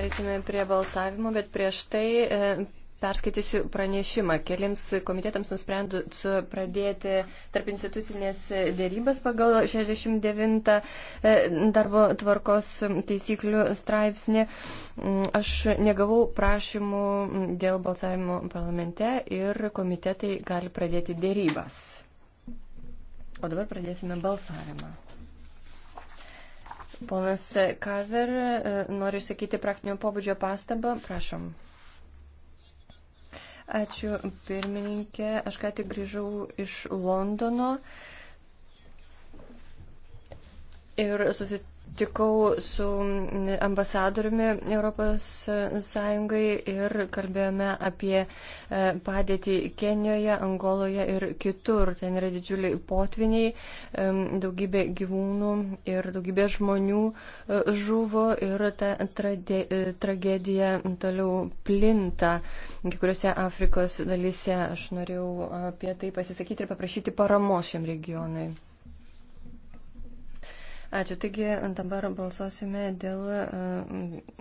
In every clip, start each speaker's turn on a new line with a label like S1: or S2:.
S1: Perėsime prie balsavimo, bet prieš tai e, perskaitysiu pranešimą. Keliems komitetams nusprendus pradėti tarp institucinės dėrybas pagal 69 e, darbo tvarkos taisyklių straipsnį. Mm, aš negavau prašymų dėl balsavimo parlamente ir komitetai gali pradėti dėrybas. O dabar pradėsime balsavimą. Ponas Karver, e, noriu sakyti praktinio pobūdžio pastabą. Prašom. Ačiū, pirmininkė. Aš ką tik grįžau iš Londono ir susitikau Tikau su ambasadoriumi ES ir kalbėjome apie e, padėtį Kenijoje, Angoloje ir kitur. Ten yra didžiuliai potviniai, e, daugybė gyvūnų ir daugybė žmonių e, žuvo ir ta trage, tragedija toliau plinta. Kiekvienose Afrikos dalyse aš norėjau apie tai pasisakyti ir paprašyti paramos šiam regionui. Ačiū. Taigi dabar balsuosime dėl uh,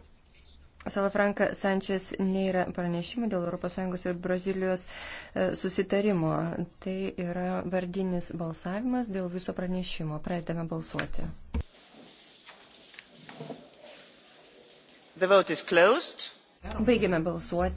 S1: Salafranka Sančias nėra pranešimų dėl ES ir Brazilijos uh, susitarimo. Tai yra vardinis balsavimas dėl viso pranešimo. Pradedame balsuoti. Baigėme balsuoti.